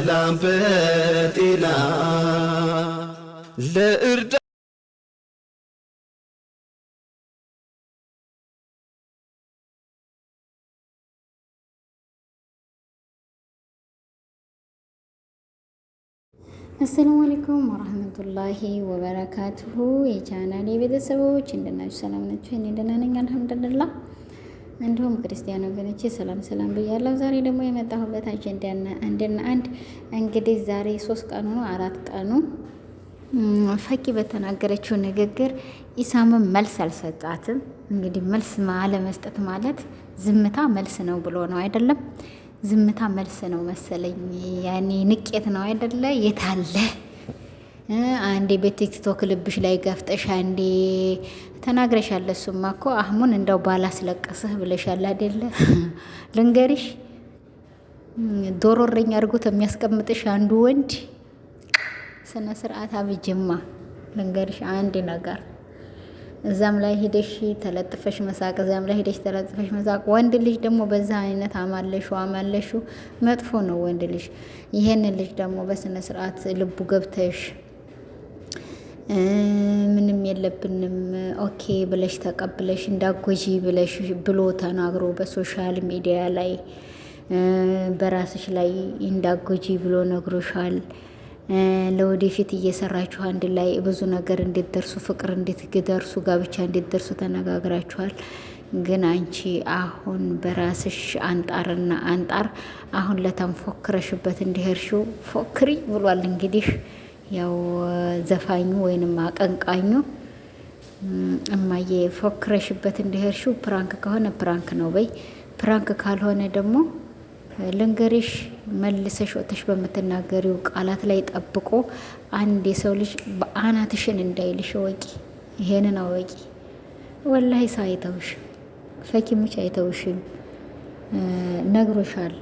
በሰላም በጤና ለእርዳ አሰላሙ አለይኩም ወራህመቱላሂ ወበረካቱሁ። የቻናሌ ቤተሰቦች እንደናችሁ ሰላም ናችሁ? እኔ ደህና ነኝ አልሐምዱሊላህ። እንዲሁም ክርስቲያን ወገኖች ሰላም ሰላም ብያለሁ። ዛሬ ደግሞ የመጣሁበት አጀንዳና አንድና አንድ እንግዲህ ዛሬ ሶስት ቀኑ ነው አራት ቀኑ ፈቂ በተናገረችው ንግግር ኢሳምን መልስ አልሰጣትም። እንግዲህ መልስ አለመስጠት ማለት ዝምታ መልስ ነው ብሎ ነው አይደለም? ዝምታ መልስ ነው መሰለኝ። ያኔ ንቄት ነው አይደለ? የታለ አንዴ በቲክቶክ ልብሽ ላይ ገፍጠሽ አንዴ ተናግረሽ እሱማ እኮ አህሙን እንደው ባላስለቀስህ ብለሻል አይደለ? ልንገሪሽ ዶሮረኝ አድርጎት የሚያስቀምጥሽ አንዱ ወንድ ስነ ስርዓት አብጅማ ልንገርሽ አንድ ነገር እዛም ላይ ሄደሽ ተለጥፈሽ መሳቅ፣ እዛም ላይ ሄደሽ ተለጥፈሽ መሳቅ። ወንድ ልጅ ደግሞ በዛ አይነት አማለሹ አማለሹ መጥፎ ነው ወንድ ልጅ። ይሄንን ልጅ ደግሞ በስነ ስርዓት ልቡ ገብተሽ ምንም የለብንም ኦኬ ብለሽ ተቀብለሽ እንዳጎጂ ብለሽ ብሎ ተናግሮ በሶሻል ሚዲያ ላይ በራስሽ ላይ እንዳጎጂ ብሎ ነግሮሻል። ለወደፊት እየሰራችሁ አንድ ላይ ብዙ ነገር እንድትደርሱ ፍቅር እንድትደርሱ ጋብቻ እንድትደርሱ ተነጋግራችኋል። ግን አንቺ አሁን በራስሽ አንጣርና አንጣር አሁን ለተንፎክረሽበት ፎክረሽበት እንዲሄርሽው ፎክሪ ብሏል እንግዲህ ያው ዘፋኙ ወይንም አቀንቃኙ እማዬ ፎክረሽበት እንደሄድሽው ፕራንክ ከሆነ ፕራንክ ነው በይ፣ ፕራንክ ካልሆነ ደግሞ ልንገሪሽ መልሰሽ ወጥተሽ በምትናገሪው ቃላት ላይ ጠብቆ አንድ የሰው ልጅ በአናትሽን እንዳይልሽ ወቂ፣ ይሄንን አወቂ። ወላሂ ሰው አይተውሽም፣ ፈኪሙች አይተውሽም። ነግሮሻል።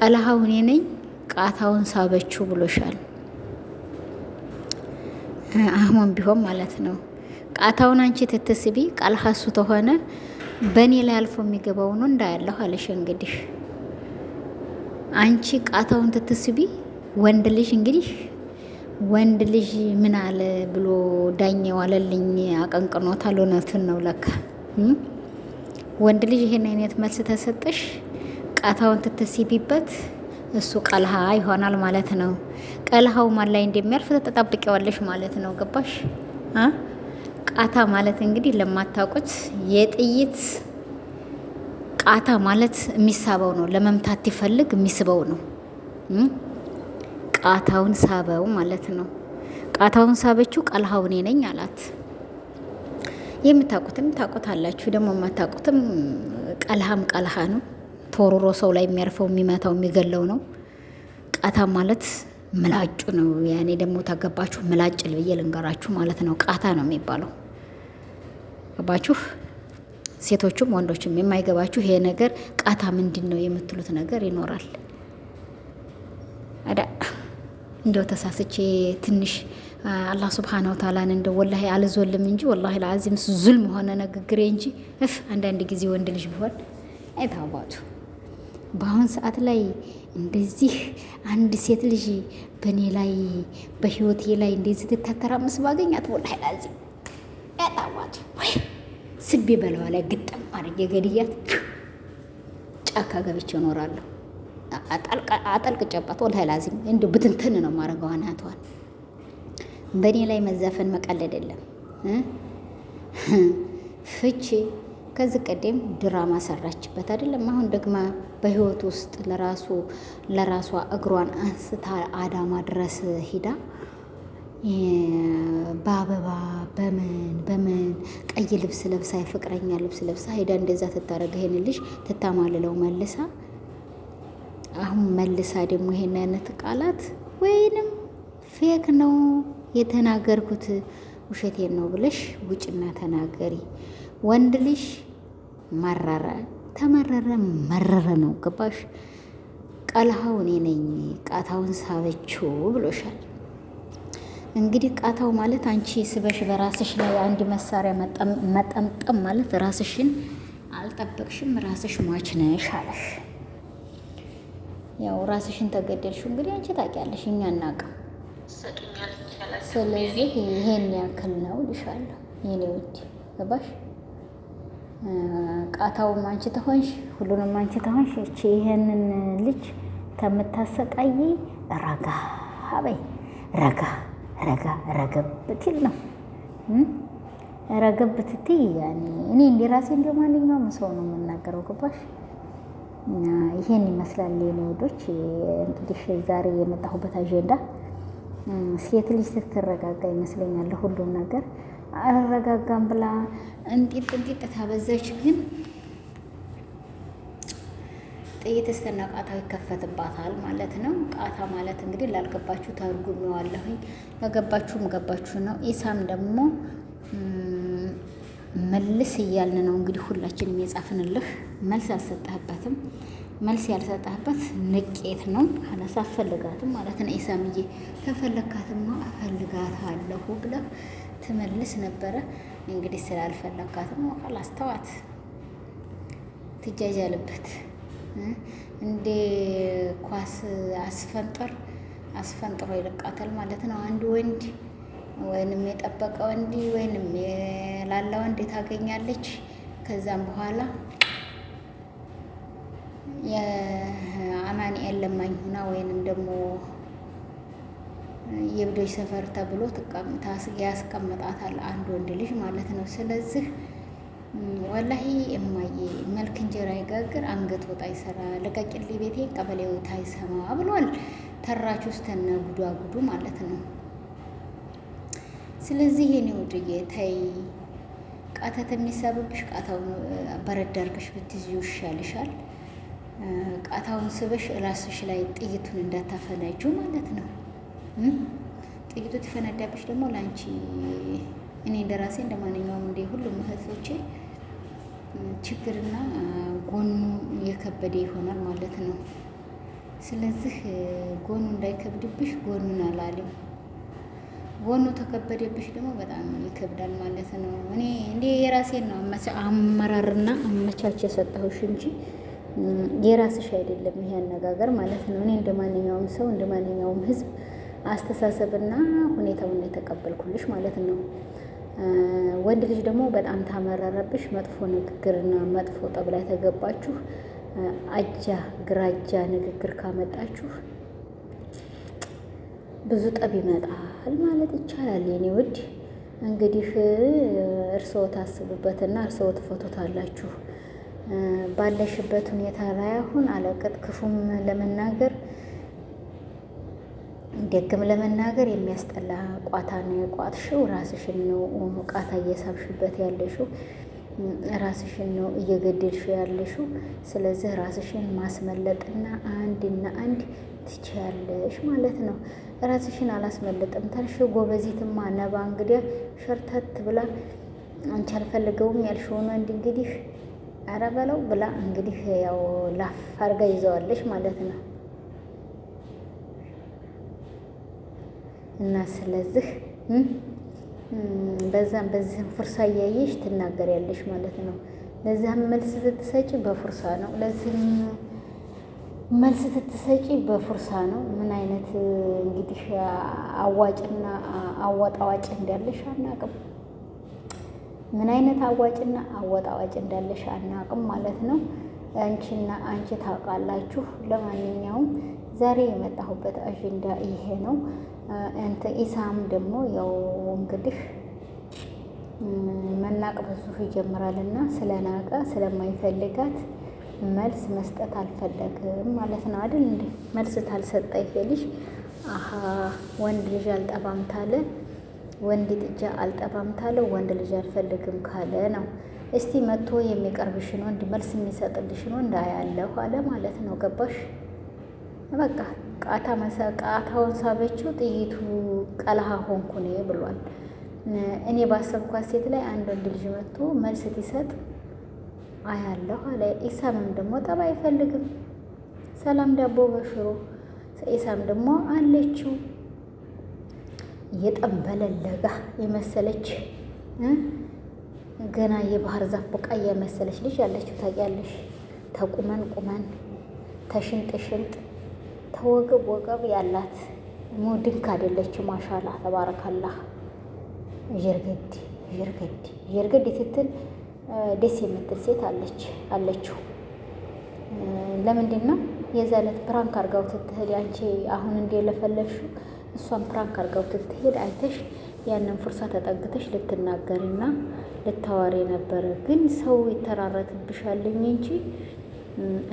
ቀለሃው እኔ ነኝ ቃታውን ሳበችው ብሎሻል። አሁን ቢሆን ማለት ነው ቃታውን አንቺ ትትስቢ ቃል ሀሱ ተሆነ በእኔ ላይ አልፎ ነው እንዳያለሁ አለሽ። እንግዲህ አንቺ ቃታውን ትትስቢ ወንድ ልጅ እንግዲህ ወንድ ልጅ ምን አለ ብሎ ዳኛው አለልኝ አቀንቅኖታል። እውነቱን ነው ለካ ወንድ ልጅ ይሄን አይነት መልስ ተሰጠሽ ቃታውን ትትስቢበት እሱ ቀልሃ ይሆናል ማለት ነው። ቀልሃው ማን ላይ እንደሚያልፍ ተጠብቂዋለሽ ማለት ነው። ገባሽ? ቃታ ማለት እንግዲህ ለማታውቁት የጥይት ቃታ ማለት የሚሳበው ነው። ለመምታት ይፈልግ የሚስበው ነው። ቃታውን ሳበው ማለት ነው። ቃታውን ሳበችው፣ ቀልሃው እኔ ነኝ አላት። የምታውቁትም ታውቁታላችሁ፣ ደግሞ የማታውቁትም ቀልሃም ቀልሃ ነው። ተወርሮ ሰው ላይ የሚያርፈው የሚመታው የሚገለው ነው። ቃታ ማለት ምላጩ ነው። ያኔ ደግሞ ታገባችሁ ምላጭ ልብዬ ልንገራችሁ ማለት ነው። ቃታ ነው የሚባለው ገባችሁ? ሴቶቹም ወንዶችም የማይገባችሁ ይሄ ነገር ቃታ ምንድን ነው የምትሉት ነገር ይኖራል። አዳ እንደው ተሳስቼ ትንሽ አላህ ስብሓን ወታላን እንደ ወላ አልዞልም እንጂ ወላ ለአዚም ዙልም ሆነ ንግግሬ እንጂ እፍ አንዳንድ ጊዜ ወንድ ልጅ ቢሆን አይታባቱ በአሁን ሰዓት ላይ እንደዚህ አንድ ሴት ልጅ በእኔ ላይ በህይወቴ ላይ እንደዚህ ትታተራምስ ባገኛት ወላሂ ላዚ ያጣዋት ወይ ስቤ በለዋ ላይ ግጥም አድርጌ ገድያት ጫካ ገብቼ እኖራለሁ። ጨባት ወላሂ ላዚ እንዲ ብትንትን ነው ማድረገዋ ናቷል። በእኔ ላይ መዛፈን መቀለድ የለም ፍቺ ከዚህ ቀደም ድራማ ሰራችበት አይደለም። አሁን ደግሞ በህይወት ውስጥ ለራሱ ለራሷ እግሯን አንስታ አዳማ ድረስ ሂዳ በአበባ በምን በምን ቀይ ልብስ ለብሳ የፍቅረኛ ልብስ ለብሳ ሄዳ እንደዛ ትታረገ ይሄን ልጅ ትታማልለው መልሳ አሁን መልሳ ደግሞ ይሄን አይነት ቃላት ወይንም ፌክ ነው የተናገርኩት ውሸቴን ነው ብለሽ ውጭና ተናገሪ። ወንድ ልጅ መረረ ተመረረ መረረ ነው። ገባሽ? ቀልሃው እኔ ነኝ ቃታውን ሳበችው ብሎሻል። እንግዲህ ቃታው ማለት አንቺ ስበሽ በራስሽ ላይ አንድ መሳሪያ መጠምጠም ማለት ራስሽን አልጠበቅሽም፣ ራስሽ ሟች ነሽ አለሽ። ያው ራስሽን ተገደልሽው። እንግዲህ አንቺ ታውቂያለሽ፣ እኛ እናቅም ስለዚህ ይሄን ያክል ነው ልሻለሁ የኔ ውድ ገባሽ? ቃታውም አንቺ ተሆንሽ፣ ሁሉንም አንቺ ተሆንሽ። እቺ ይሄንን ልጅ ከምታሰቃይ ረጋ አበይ ረጋ ረጋ ረገብትል ነው ረገብ ያኔ እኔ እንደ ራሴ እንደ ማንኛውም ሰው ነው የምናገረው። ግባሽ ይሄን ይመስላል የኔ ወዶች። እንግዲህ ዛሬ የመጣሁበት አጀንዳ ሴት ልጅ ስትረጋጋ ይመስለኛል ሁሉም ነገር። አረጋጋም ብላ እንጢጥ እንጢጥ ታበዛች፣ ግን ጥይት ስተና ይከፈትባታል ማለት ነው። ቃታ ማለት እንግዲህ ላልገባችሁ ተርጉሜዋለሁኝ፣ ለገባችሁም ገባችሁ ነው። ኢሳም ደግሞ መልስ እያልን ነው እንግዲህ ሁላችንም የጻፍንልህ መልስ አልሰጠህበትም። መልስ ያልሰጣበት ንቄት ነው። ሀላስ አፈልጋትም ማለት ነው። ኢሳምዬ ተፈለካትማ አፈልጋታለሁ ብለህ ትመልስ ነበረ። እንግዲህ ስላልፈለካትም ሀላስ ተዋት፣ ትጃጃልበት እንደ ኳስ አስፈንጠር አስፈንጥሮ ይለቃታል ማለት ነው። አንድ ወንድ ወይንም የጠበቀ ወንድ ወይንም የላላ ወንድ ታገኛለች ከዛም በኋላ የአማኑኤል ለማኝ ሁና ወይንም ደግሞ የብዶች ሰፈር ተብሎ ያስቀምጣታል አንድ ወንድ ልጅ ማለት ነው። ስለዚህ ወላሂ እማዬ መልክ እንጀራ ይጋግር አንገት ወጣ ይሰራ ልቀቂልኝ ቤቴ ወታ ይሰማ ብሏል። ተራች ውስጥ ተነ ማለት ነው። ስለዚህ የኔ ውድዬ ተይ ቃተት የሚሰብብሽ ቃተው በረድ አድርገሽ ብትይዙ ይሻልሻል። ቃታውን ስበሽ ራስሽ ላይ ጥይቱን እንዳታፈነጁ ማለት ነው። ጥይቱ ትፈነዳብሽ ደግሞ ለአንቺ እኔ እንደ ራሴ እንደ ማንኛውም እንደ ሁሉም እህቶቼ ችግርና ጎኑ የከበደ ይሆናል ማለት ነው። ስለዚህ ጎኑ እንዳይከብድብሽ ጎኑን አላለም። ጎኑ ተከበደብሽ ደግሞ በጣም ይከብዳል ማለት ነው። እኔ እንደ የራሴን ነው አመራርና አመቻች የሰጠሁሽ እንጂ የራስሽ አይደለም ይሄ አነጋገር ማለት ነው። እኔ እንደ ማንኛውም ሰው እንደ ማንኛውም ህዝብ አስተሳሰብና ሁኔታውን የተቀበልኩልሽ ማለት ነው። ወንድ ልጅ ደግሞ በጣም ታመረረብሽ። መጥፎ ንግግርና መጥፎ ጠብ ተገባችሁ፣ አጃ ግራጃ ንግግር ካመጣችሁ ብዙ ጠብ ይመጣል ማለት ይቻላል። የኔ ውድ እንግዲህ እርስዎ ታስቡበትና እርስዎ ትፈቶታላችሁ። ባለሽበት ሁኔታ ላይ አሁን አለቅጥ ክፉም ለመናገር ደግም ለመናገር የሚያስጠላ ቋታ ነው የቋጥሽው። ራስሽን ነው ቃታ እየሳብሽበት ያለሽው፣ ራስሽን ነው እየገደልሽው ያለሽው። ስለዚህ ራስሽን ማስመለጥና አንድና አንድ ትችያለሽ ማለት ነው። ራስሽን አላስመለጥም ታልሽ ጎበዚትማ ነባ እንግዲያ ሸርተት ብላ አንቺ አልፈልገውም ያልሽውን ወንድ እንግዲህ አረ በለው ብላ እንግዲህ ያው ላፍ አርጋ ይዘዋለች ማለት ነው። እና ስለዚህ በዛም በዚህም ፉርሳ እያየሽ ትናገሪያለሽ ማለት ነው። ለዚህም መልስ ስትሰጪ በፉርሳ ነው፣ ለዚህም መልስ ስትሰጪ በፉርሳ ነው። ምን አይነት እንግዲህ አዋጭና አዋጣዋጭ እንዳለሽ አናቅም። ምን አይነት አዋጭና አወጣዋጭ እንዳለሽ አናውቅም ማለት ነው። አንቺና አንቺ ታውቃላችሁ። ለማንኛውም ዛሬ የመጣሁበት አጀንዳ ይሄ ነው። ኢሳም ደግሞ ያው እንግዲህ መናቅ ብዙ ይጀምራልና ስለናቀ ስለማይፈልጋት መልስ መስጠት አልፈለግም ማለት ነው አይደል? እንደ መልስ ታልሰጠ ይሄ ልጅ አሀ ወንድ ልጅ አልጠባም ታለ ወንድ ጥጃ አልጠባም ታለው ወንድ ልጅ አልፈልግም ካለ ነው። እስቲ መጥቶ የሚቀርብሽን ወንድ መልስ የሚሰጥልሽን ወንድ አያለሁ አለ ማለት ነው። ገባሽ? በቃ ቃታ ቃታውን ሳበችው ጥይቱ ቀልሃ ሆንኩ እኔ ብሏል። እኔ ባሰብኳት ሴት ላይ አንድ ወንድ ልጅ መጥቶ መልስ ትሰጥ አያለሁ አለ። ኢሳምም ደግሞ ጠብ አይፈልግም። ሰላም ዳቦ በሽሮ ኢሳም ደግሞ አለችው የጠንበለለጋ የመሰለች ገና የባህር ዛፍ ቡቃያ የመሰለች ልጅ ያለችው ታውቂያለሽ። ተቁመን ቁመን ተሽንጥ ሽንጥ ተወገብ ወገብ ያላት ድንክ አይደለችም። ማሻላ ተባረካላህ። ርግድ ርግድ ጀርገድ ስትል ደስ የምትል ሴት አለች አለችው። ለምንድን ነው የዛለት ብራንክ አርጋው ትትህል አንቺ አሁን እንደለፈለፍሽው እሷን ፕራንክ አርጋው ትትሄድ አይተሽ ያንን ፍርሳ ተጠግተሽ ልትናገርና ልታዋሪ ነበረ። ግን ሰው ይተራረትብሻልኝ እንጂ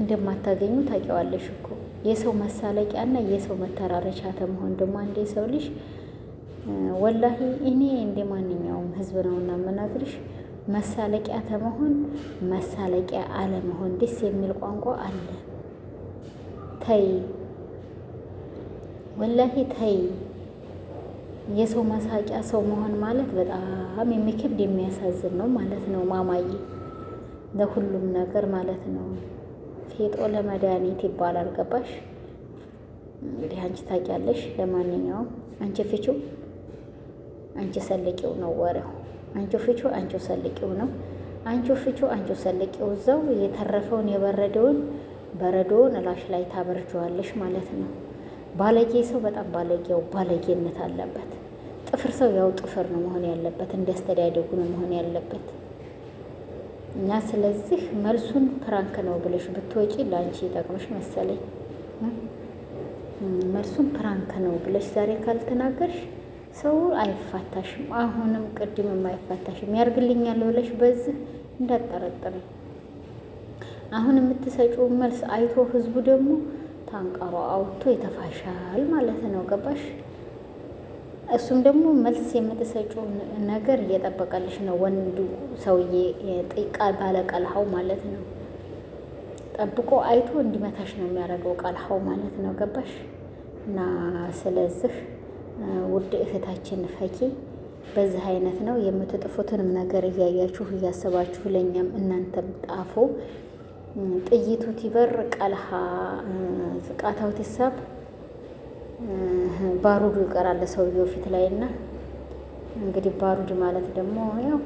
እንደማታገኙ ታውቂዋለሽ እኮ የሰው መሳለቂያ ና የሰው መተራረቻ ተመሆን ደግሞ አንዴ ሰው ልጅ ወላሂ እኔ እንደ ማንኛውም ህዝብ ነውና የምናግርሽ መሳለቂያ ተመሆን መሳለቂያ አለመሆን ደስ የሚል ቋንቋ አለ። ተይ ወላሂ ተይ። የሰው መሳቂያ ሰው መሆን ማለት በጣም የሚከብድ የሚያሳዝን ነው ማለት ነው። ማማዬ ለሁሉም ነገር ማለት ነው። ፌጦ ለመድኃኒት ይባላል። ገባሽ? እንግዲህ አንቺ ታውቂያለሽ። ለማንኛውም አንቺ ፍቹ፣ አንቺ ሰልቂው ነው ወሬው። አንቺ ፍቹ፣ አንቺ ሰልቂው ነው። አንቺ ፍቹ፣ አንቺ ሰልቂው። እዛው የተረፈውን የበረደውን በረዶውን እላሽ ላይ ታበርጀዋለሽ ማለት ነው። ባለጌ ሰው በጣም ባለጌው ባለጌነት አለበት። ጥፍር ሰው ያው ጥፍር ነው መሆን ያለበት፣ እንደ አስተዳደጉ ነው መሆን ያለበት እና ስለዚህ መልሱን ፕራንክ ነው ብለሽ ብትወጪ ለአንቺ ይጠቅምሽ መሰለኝ። መልሱን ፕራንክ ነው ብለሽ ዛሬ ካልተናገርሽ ሰው አይፋታሽም። አሁንም ቅድምም አይፋታሽም። ያርግልኛል ብለሽ በዚህ እንዳጠረጥር። አሁን የምትሰጪው መልስ አይቶ ህዝቡ ደግሞ ታንቃሮ አውቶ የተፋሻል ማለት ነው። ገባሽ? እሱም ደግሞ መልስ የምትሰጪውን ነገር እየጠበቀልሽ ነው። ወንዱ ሰውዬ ጥቃ ባለቀልሀው ማለት ነው። ጠብቆ አይቶ እንዲመታሽ ነው የሚያደርገው ቀልሀው ማለት ነው። ገባሽ? እና ስለዚህ ውድ እህታችን ፈኪ በዚህ አይነት ነው የምትጥፉትንም ነገር እያያችሁ እያሰባችሁ ለእኛም እናንተም ጣፎ ጥይቱ ቲበር ቀልሃ ቃታው ቲሳብ ባሩዱ ይቀራል ሰውየው ፊት ላይ እና እንግዲህ ባሩድ ማለት ደግሞ ያው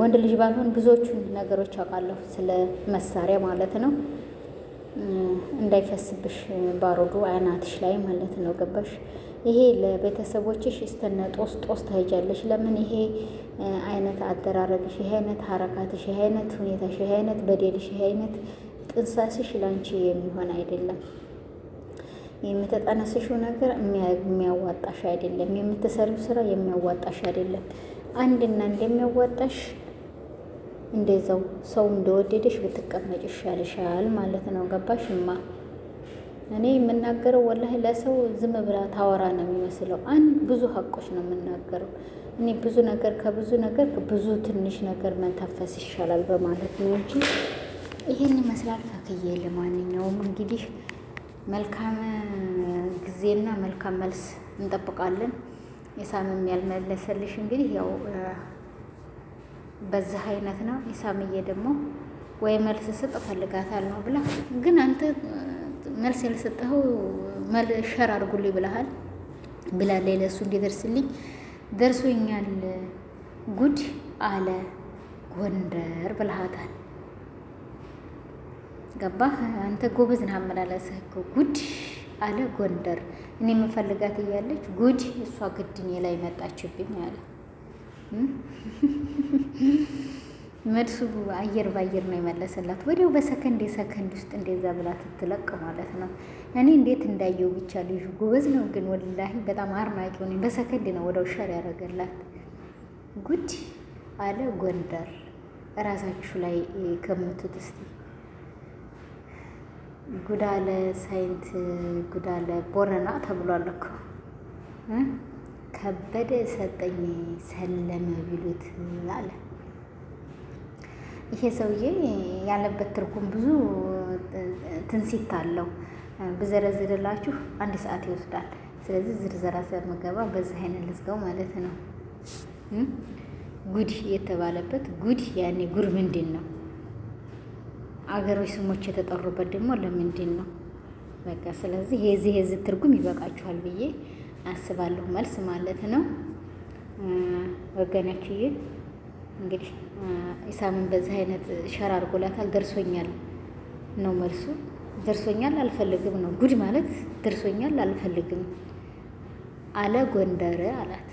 ወንድ ልጅ ባልሆን ብዙዎቹን ነገሮች አውቃለሁ ስለ መሳሪያ ማለት ነው። እንዳይፈስብሽ ባሮዱ አይናትሽ ላይ ማለት ነው። ገባሽ? ይሄ ለቤተሰቦችሽ እስተነ ጦስ ጦስ ታይጃለሽ። ለምን ይሄ አይነት አደራረግሽ፣ ይህ አይነት ሀረካትሽ፣ ይህ አይነት ሁኔታሽ፣ ይህ አይነት በደልሽ፣ ይህ አይነት ጥንሳስሽ ላንቺ የሚሆን አይደለም። የምትጠነስሽው ነገር የሚያዋጣሽ አይደለም። የምትሰሪው ስራ የሚያዋጣሽ አይደለም። አንድና እንደሚያዋጣሽ እንደዛው ሰው እንደወደደሽ ብትቀመጭ ይሻልሻል ማለት ነው። ገባሽማ? እኔ የምናገረው ወላሂ ለሰው ዝም ብላ ታወራ ነው የሚመስለው። አንድ ብዙ ሀቆች ነው የምናገረው እኔ ብዙ ነገር ከብዙ ነገር ብዙ ትንሽ ነገር መንተፈስ ይሻላል በማለት ነው እንጂ ይህን ይመስላል ፈክዬ። ለማንኛውም እንግዲህ መልካም ጊዜና መልካም መልስ እንጠብቃለን። የሳምም ያልመለሰልሽ እንግዲህ ያው በዚህ አይነት ነው። የሳምዬ ደግሞ ወይ መልስ ስጥ ነው ብላ ግን አንተ መልስ ያልሰጠኸው ሸር አድርጉልኝ ብለሃል ብላለች። ለእሱ እንዲደርስልኝ ደርሶኛል ጉድ አለ ጎንደር ብለሃታል። ገባህ አንተ ጎበዝ ነህ። አመላለስህ እኮ ጉድ አለ ጎንደር። እኔ የምፈልጋት እያለች ጉድ እሷ ግድኔ ላይ መጣችብኝ አለ መልሱ አየር በአየር ነው የመለሰላት። ወዲያው በሰከንድ የሰከንድ ውስጥ እንደዛ ብላ ትትለቅ ማለት ነው። እኔ እንዴት እንዳየው ብቻ ልጁ ጎበዝ ነው፣ ግን ወላሂ በጣም አርናቂ ነኝ። በሰከንድ ነው ወደ ውሻር ያደረገላት። ጉድ አለ ጎንደር። እራሳችሁ ላይ ገምቱት እስቲ። ጉዳለ ሳይንት፣ ጉዳለ ቦረና ተብሏል እኮ ከበደ ሰጠኝ ሰለመ ቢሉት አለ ይሄ ሰውዬ ያለበት ትርጉም ብዙ ትንሲት አለው። ብዘረዝርላችሁ አንድ ሰዓት ይወስዳል። ስለዚህ ዝርዘራ ስለምገባ በዚህ አይነት ልዝገው ማለት ነው። ጉድ የተባለበት ጉድ ያኔ ጉድ ምንድን ነው? አገሮች ስሞች የተጠሩበት ደግሞ ለምንድን ነው? በቃ ስለዚህ የዚህ የዚህ ትርጉም ይበቃችኋል ብዬ አስባለሁ። መልስ ማለት ነው ወገናችዬ እንግዲህ ኢሳምን በዚህ አይነት ሸር አድርጎላታል። ደርሶኛል ነው መልሱ። ደርሶኛል አልፈልግም ነው ጉድ ማለት። ደርሶኛል አልፈልግም አለ ጎንደር አላት።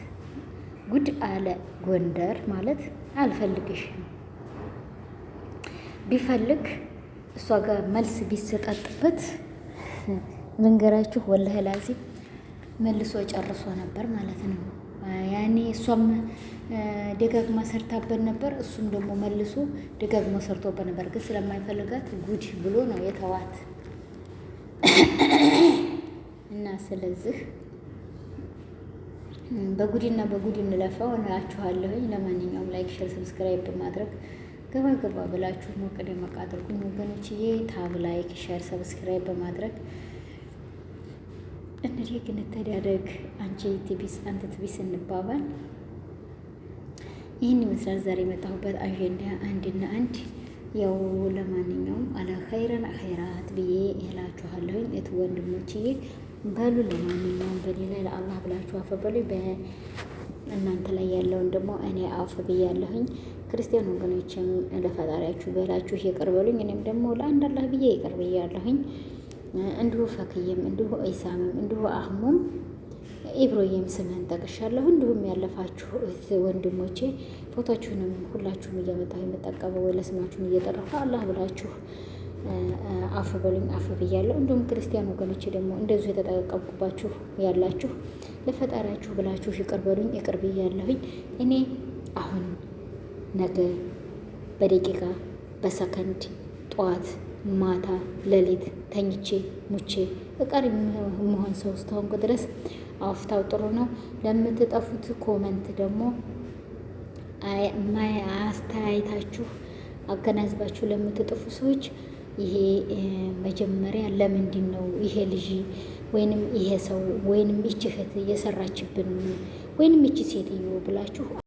ጉድ አለ ጎንደር ማለት አልፈልግሽም። ቢፈልግ እሷ ጋር መልስ ቢሰጣጥበት ልንገራችሁ፣ ወላሂ መልሶ ጨርሶ ነበር ማለት ነው ያኔ እሷም ደጋግማ ሰርታበት ነበር። እሱም ደግሞ መልሶ ደጋግማ ሰርቶበት ነበር፣ ግን ስለማይፈልጋት ጉድ ብሎ ነው የተዋት እና ስለዚህ በጉድና በጉድ እንለፈው እንላችኋለሁኝ። ለማንኛውም ላይክ፣ ሸር ሰብስክራይብ በማድረግ ገባ ገባ ብላችሁ ሞቅ ደመቅ አድርጉኝ ወገኖችዬ። ታብ ላይክ፣ ሼር፣ ሰብስክራይብ በማድረግ እንዴ ግን ተዳደግ አንቺ ትቢስ አንተ ትቢስ እንባባል ይህን ይመስላል ዛሬ የመጣሁበት አጀንዳ አንድና አንድ ያው ለማንኛውም አላ ኸይረን ኸይራት ብዬ እላችኋለሁኝ። እት ወንድሞችዬ በሉ ለማንኛውም በሌላ ለአላህ ብላችሁ አፈ በሉ። በእናንተ ላይ ያለውን ደግሞ እኔ አፈ ብያለሁኝ። ክርስቲያን ወገኖችም ለፈጣሪያችሁ በላችሁ ይቅር በሉኝ። እኔም ደግሞ ለአንድ አላህ ብዬ ይቅር ብያለሁኝ። እንዲሁ ፈክዬም እንዲሁ ኢሳምም እንዲሁ አህሙም ኢብሮዬም ስምህን ጠቅሻለሁ። እንዲሁም ያለፋችሁ ወንድሞቼ ፎቶችሁንም ሁላችሁም እያመጣሁ የምጠቀመው ወይ ለስማችሁን እየጠራሁ አላህ ብላችሁ አፍ በሉኝ አፍ ብያለሁ። እንዲሁም ክርስቲያን ወገኖቼ ደግሞ እንደዚሁ የተጠቀምኩባችሁ ያላችሁ ለፈጣሪያችሁ ብላችሁ ይቅር በሉኝ ይቅር ብያለሁኝ። እኔ አሁን ነገ በደቂቃ በሰከንድ ጠዋት ማታ ሌሊት ተኝቼ ሙቼ እቀር መሆን ሰው እስከሆንኩ ድረስ አፍታው ጥሩ ነው። ለምትጠፉት ኮመንት ደግሞ አስተያየታችሁ አገናዝባችሁ ለምትጥፉ ሰዎች ይሄ መጀመሪያ ለምንድን ነው ይሄ ልጅ ወይንም ይሄ ሰው ወይንም ይች እህት እየሰራችብን ወይንም ይች ሴትዮ ብላችሁ